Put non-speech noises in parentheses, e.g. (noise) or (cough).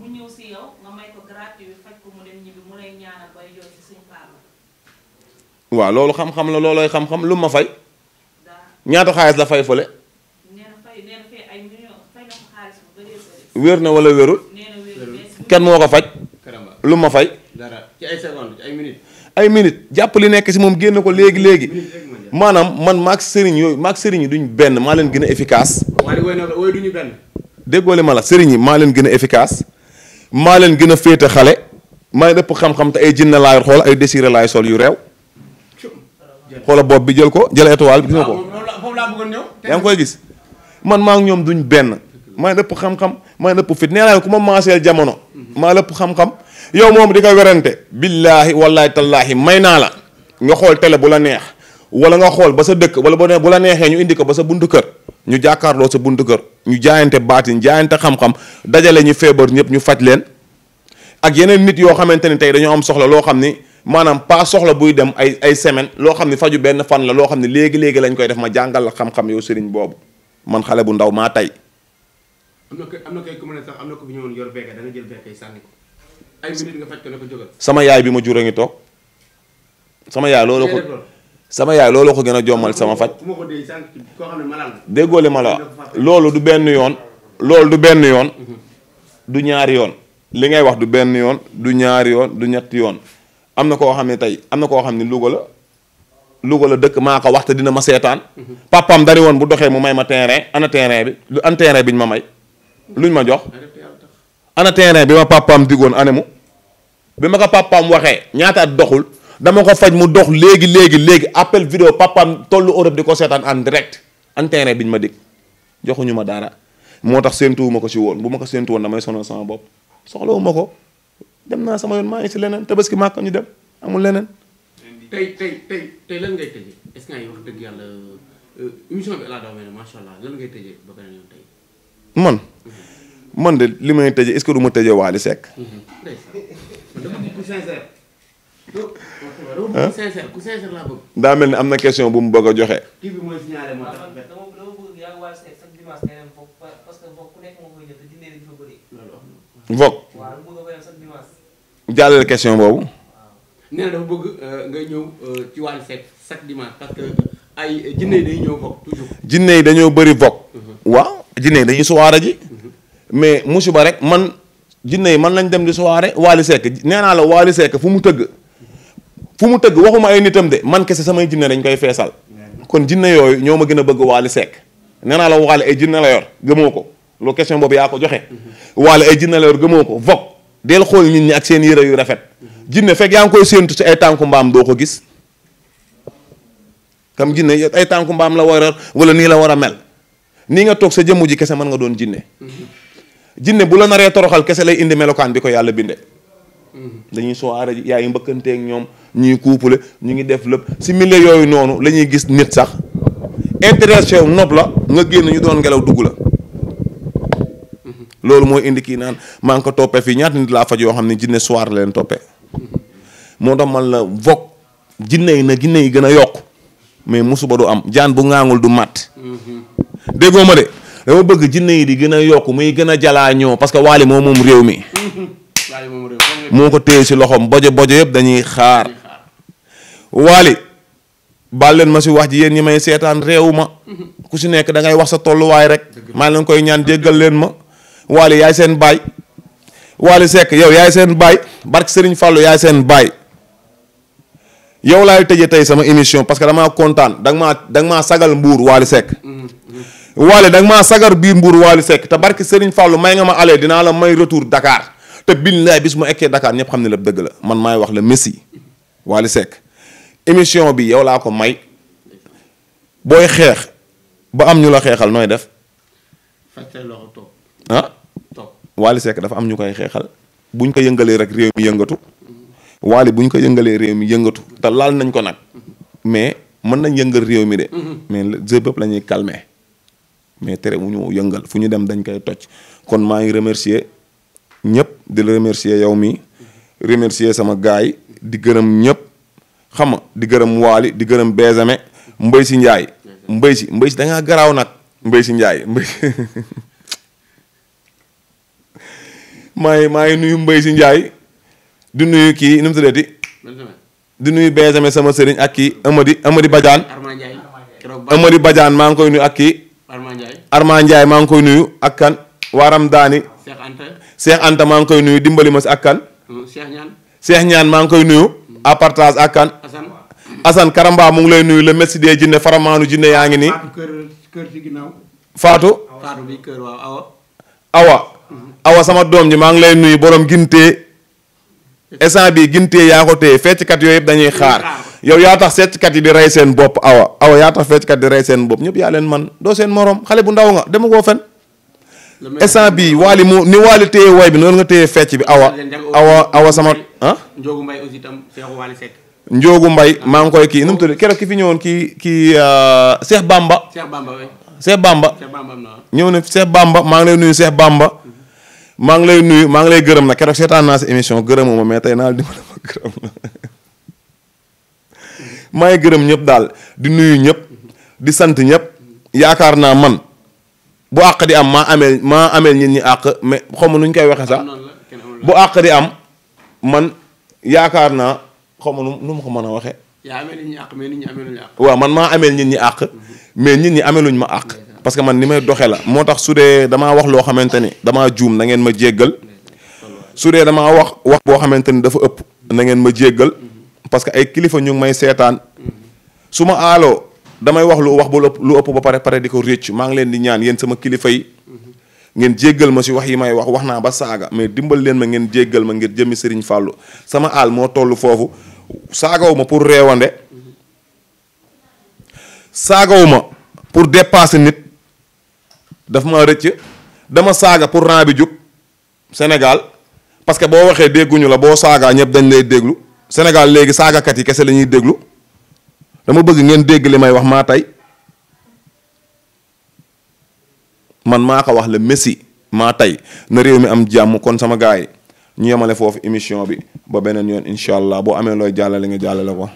mu waaw loolu xam-xam la loolooy xam-xam lu ma fay. ñaata xaalis la fay fële. nee na fay wala wérul. kenn moo ko faj. lu ma fay. dara ay secondes jàpp li nekk si moom génn ko léegi léegi. maanaam man maag sëriñ yooyu maag sëriñ yi duñ benn maa leen gën a efficace. waaye woy ma la sëriñ yi maa leen gën a efficace. maa leen gën a féete xale maa leen ëpp xam-xam te ay jinne laay xool ay désiré laay sol yu réew xoola bopp bi jël ko jël étoile bi gis nga ko yaa ngi koy gis man maa ngi ñoom duñ benn maa leen ëpp xam-xam maa leen ëpp fit nee naa ku ma maaseel jamono maa leen ëpp xam-xam yow moom di ko werante billaahi wallaahi tallaahi may naa la nga xool tele bu la neex wala nga xool ba sa dëkk wala bu la neexee ñu indi ko ba sa buntu kër ñu jàkkaarloo sa buntu kër ñu jaayante baatin jaayante xam-xam dajale ñu feebar ñëpp ñu faj leen ak yeneen nit yoo xamante ni tey dañoo am soxla loo xam ni maanaam pas soxla buy dem ay ay semaine loo xam ni faju benn fan la loo xam ni léegi-léegi lañ koy def ma jàngal la xam-xam yow sëriñ boobu man xale bu ndaw maa tey. na kay am am na ko fi ñëwoon yor béykat da nga ay minute sama yaay bi ma jur a ngi toog sama yaay loolu ko sama yaay looloo ko gën a jommal sama faj. déggoole ma la loolu du benn yoon. loolu du benn yoon. du ñaari yoon. li ngay wax du benn yoon du ñaari yoon du ñetti yoon am na koo xam ne tey am na koo xam ne Louga la Louga la dëkk maa ko wax te dina ma seetaan. papaam dari woon bu doxee mu may ma terrain ana terrain bi lu an terrain bi ñu ma may. luñ ma jox. ana terrain bi ma papaam digoon anemu. bi ma ko papaam waxee ñaata at doxul. dama ko faj mu dox léegi léegi léegi appel vidéo papam tollu Europe di ko seetaan en direct en terrain biñ ma dig joxuñu ma dara moo tax séentuwu ma ko ci woon bu ma ko séentu woon damay sonal sama bopp soxlawu ma ko dem naa sama yoon maa ngi ci leneen tabaski màkk ñu dem amul leneen. tey tey dëgg yàlla euh, émission bi Alla Daouda Mine macha man mhm. man de li may tëjee est-ce que du ma tëjee (laughs) daa mel ni am na question bu mu bëgg a joxe. Vogue. jàllale question boobu. nee dafa bëgg euh, nga ñëw euh, ci Wally Seck chaque dimanche parce que euh, ay jinne yi dañuy ñëw Vogue jinne yi dañoo bëri Vogue. Mhm. waaw jinne yi dañuy soirée ji. Mhm. mais musiba rek man jinne yi man lañ dem di soirée Wally Seck nee naa la Wally Seck fu mu tëgg. fu mu tëgg waxuma ay nitam de man kese samay jinne dañ koy feesal kon jinne yooyu ñoo ma gën a bëgg Wally Seck nee naa la Wally ay jinne la yor gëmoo ko loolu question boobu yaa ko joxe mhm. Wally ay jinne la gëmoo ko vog del xool nit ñi ak seen yére yu rafet mhm. jinne fekk yaa ngi koy séentu ay tànku mbaam doo ko gis kam jinne ay tànku mbaam la war a wala nii la war a mel nii nga toog sa jëmmu ji kese mën nga doon jinne mhm. jinne bu la naree toroxal kese lay indi melokaan bi ko yàlla binde dañuy soirée ji yaay yu mbëkkanteeg ñoom ñuy couple ñu ngi def lépp si milieu yooyu noonu la ñuy gis nit sax intéressé wu nopp la nga génn ñu doon ngelaw dugg la loolu mooy indi kii naan maa ngi ko toppee fii ñaata nit laa faj yoo xam ne jinne soir leen toppee moo tax man la vog jinne yi na jinne yi gën a yokk mais musuba du am jaan bu ngaangul du matt déggoo ma de dama bëgg jinne yi di gën a yokk muy gën a jalaa ñoo parce que waali moo moom réew mi (laughs) moo ko téye si loxoom bojo bojo yëpp dañuy xaar waali baal leen ma si wax ji yéen ñi may seetaan réewu ma ku si nekk da ngay wax sa tolluwaay rek maa leen koy ñaan jéggal leen ma waali yaay seen baay waali sekk yow yaay seen baay barke sëriñ Fallou yaay seen baay yow laay tëjee tey sama émission parce que damaa kontaan da nga maa da maa sagal mbuur waali sekk waali da nga maa sagar biir mbuur waali sekk te barke Serigne Fallou may nga ma alee dinaa la may retour Dakar te bi su mu ekkee Dakar ñëpp xam ne la dëgg la man maay wax la Messi Wally sekk émission bi yow laa ko may booy xeex ba am ñu la xeexal nooy def. fàtte loxo toog. ah dafa am ñu koy xeexal buñ ko yëngalee rek réew mi yëngatu. Wally buñ ko yëngalee réew mi yëngatu te laal nañ ko nag. mais mën nañ yëngal réew mi de. mais jeu bépp la ñuy calmer mais tere wu ñu yëngal fu ñu dem dañ koy toj kon maa ngi remercier ñépp di la yow mi remercier sama gaay di gërëm ñëpp xam di gërëm waali di gërëm Benjamin Mbay si Njaay Mbay si Mbay si garaaw nag Mbay si Njaay Mbay (laughs) maa ngi maa nuyu Mbay si Njaay di nuyu kii nu mu tuddati di nuyu Benjamin sama sëriñ ak kii Amady Amady Badiane Amady Badiane maa ngi koy nuyu ak kii Arma Ndiaye maa ngi koy nuyu ak kan waaram daani Cheikh Anta maa ngi koy nuyu dimbali ma si ak kan. Cheikh Ñaan maa ngi koy nuyu. à partage ak kan. Assane Assane mu ngi lay nuyu le messi des jinne faramaanu jinne yaa ngi nii. Faatu Faatu bi kër waaw Awa. Awa sama doom ji maa ngi lay nuyu borom gintee essence bi gintee yaa ko téye fecckat yooyu yëpp dañuy xaar yow yaa tax fecckat yi di rey seen bopp awa awa yaa tax fecckat di rey seen bopp ñëpp yaa leen man doo seen morom xale bu ndaw nga dema koo fen instant bii waali mu ni waali téye way bi noonu nga téye fecc bi awa awa sama ah Njoogu Mbay aussi tam Mbay maa ngi koy kii nu mu tudd keroog ki fi ñëwoon kii kii Seex euh, Bamba Seex Bamba ñëw na Seex Bamba maa ngi lay nuyu Seex Bamba maa ngi lay nuyu maa ngi lay gërëm na keroog seetaan naa si émission gërëmuma mais tey naa la dimbali ma gërëm na maa ngi gërëm ñëpp daal di nuyu ñëpp di sant ñëpp yaakaar naa man bu àq di am maa amee maa amee nit ñi àq mais xaw ma nu ñu koy waxee sax bu àq di am man yaakaar naa xaw ma nu ma ko mën a waxee. yaa ameel nit ñi àq mais waaw man maa amee nit ñi àq mhm. mais nit ñi luñ ma àq. parce que man ni may doxee la moo tax su dee damaa wax loo xamante ni damaa juum na ngeen ma jéggal su dee damaa wax wax boo xamante ni dafa ëpp nangeen ma jéggal mhm. parce que ay kilifa ñu may seetaan mhm. su ma aaloo damay wax lu wax bu lu ëpp ba pare pare di ko réccu maa ngi leen di ñaan yéen sama kilifa yi ngeen jéggal ma si wax yi may wax wax naa ba saaga mais dimbal leen ma ngeen jéggal ma ngir jëmmi Serigne Fallou sama àll moo tollu foofu saagaw ma pour réewande saagaw ma pour dépasser nit daf ma rëcc dama saaga pour rang bi jub Sénégal parce que boo waxee dégguñu la boo saagaa ñëpp dañ lay déglu Sénégal léegi saagakat yi kese la ñuy déglu dama bëgg ngeen dégg li may wax maa tey man maa ko wax le Messi maa tey na réew mi am jàmm kon sama gars yi ñu yemale foofu émission bi ba beneen yoon incha allah boo amee looy jàllale nga jàllale ko.